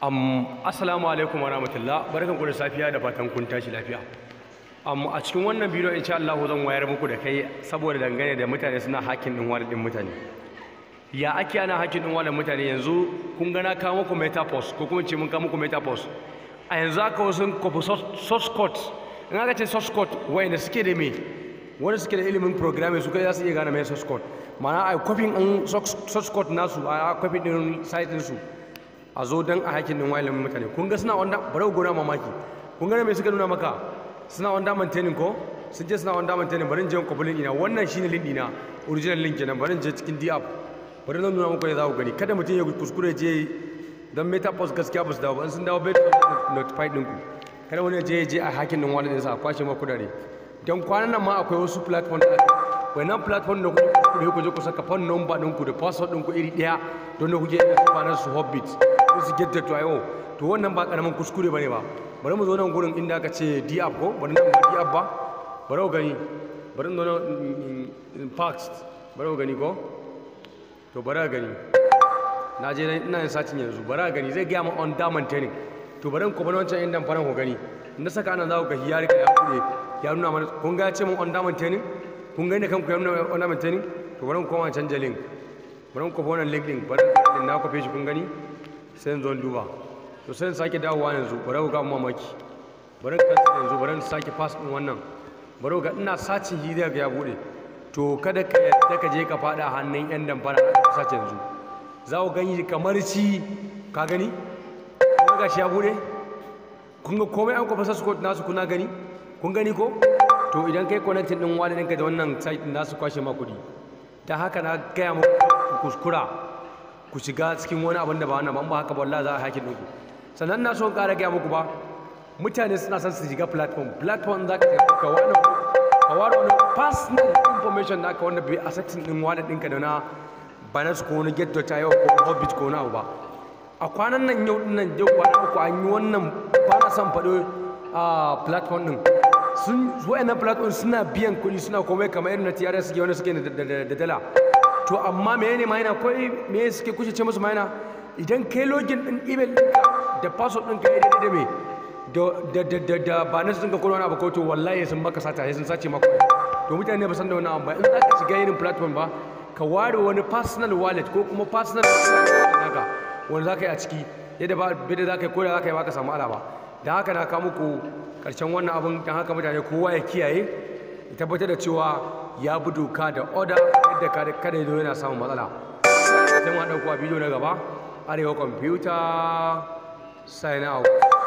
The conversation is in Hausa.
assalamu alaikum warahmatullah barkan ku da safiya da fatan kun tashi lafiya amma a cikin wannan bidiyo insha Allah zan wayar muku da kai saboda dangane da mutane suna hakkin din wani din mutane ya ake ana hakkin din wani mutane yanzu kun gana ka muku metapos ko kuma ce mun ka muku metapos a yanzu aka wasu kofi source in aka ce source code wayanda suke da me wani suke da ilimin programming su kai za su iya gane mai source code ma'ana a kofin source code nasu a kofin din site din su a zo don a haƙin din wayan mutane kun ga suna wanda barau gona mamaki kun ga me suka nuna maka suna wanda maintaining ko sun je suna wanda maintaining barin je bulin ina wannan shine link dina original link kenan barin je cikin dia app bari zan nuna muku ne za ku gani kada mutum ya kuskure je dan meta post gaskiya ba su dawo ba in sun dawo bai din ku kada wani je je a haƙin din wallet ɗinsa a kwashe maka kudare don kwanan nan ma akwai wasu platform da wannan platform da kuke kuskure ku je ku saka phone number ɗinku da password ɗinku iri ɗaya don da kuke iya su hobbit su gidda to ayo to wannan ba karamin kuskure bane ba bari mu zo nan gurin inda aka ce diab ko bari nan ba diab ba bari ku gani bari nan impact mm, mm, bari ku gani ko to bari gani na je ina yin sacin yanzu bari gani zai gaya ma on diamond training to bari ku bari wancan inda faran ku gani na saka anan za ku ga ya rika ya kuɗe ya nuna mana kun ga ya ce mun on diamond training kun ga inda kanku ya nuna on diamond training to bari ku koma canja link bari ku koma wannan link din bari na ku feshi kun gani sai zo duba to sai sake dawowa yanzu bari ku ga mamaki bari ka yanzu bari sake pass din wannan bari ga ina sace hi daga ya bude to kada ka yadda ka je ka fada hannun yan damfara a sace yanzu za ku gani kamar ci ka gani kuma ga shi ya bude kun ga komai an kwafa su kotu nasu kuna gani kun gani ko to idan kai connecting din wani ɗinka da wannan site nasu kwashe ma kuɗi don haka na gaya muku kuskura ku shiga cikin wani abin da ba wannan ba ba haka ba wallahi za a haƙi ɗinku sannan na so in ƙara gaya muku ba mutane suna son su shiga platform platform za ka tafi ka wani ka ware wani personal information naka wanda bai affecting ɗin wani ɗinka da na banas ko na get dot yau ko hobbit ko na abu ba a kwanan nan yau din nan yau kwana uku an yi wannan ba na son faɗo a platform din sun na platform suna biyan kuɗi suna komai kamar irin na tiyarar suke wani suke da dala to amma menene ma'ana ko me suke kushe ce musu ma'ana idan kai login din email ɗinka da password ɗin ka daidai da me da da da da ba na sun ka kowa wani abu ko to wallahi sun baka sata sai sun sace maka to mutane ba san da wani abu ba in za ka shiga irin platform ba ka ware wani personal wallet ko kuma personal naka wani za ka yi a ciki yadda ba bida za ka yi ko da za ka yi ba ka samu alaba da haka na kawo muku karshen wannan abun dan haka mutane kowa ya kiyaye ya tabbatar da cewa ya bi doka da order kare kada zo yana samun matsala sai mu haɗa kuwa bidiyo na gaba arewa kwamfuta sign out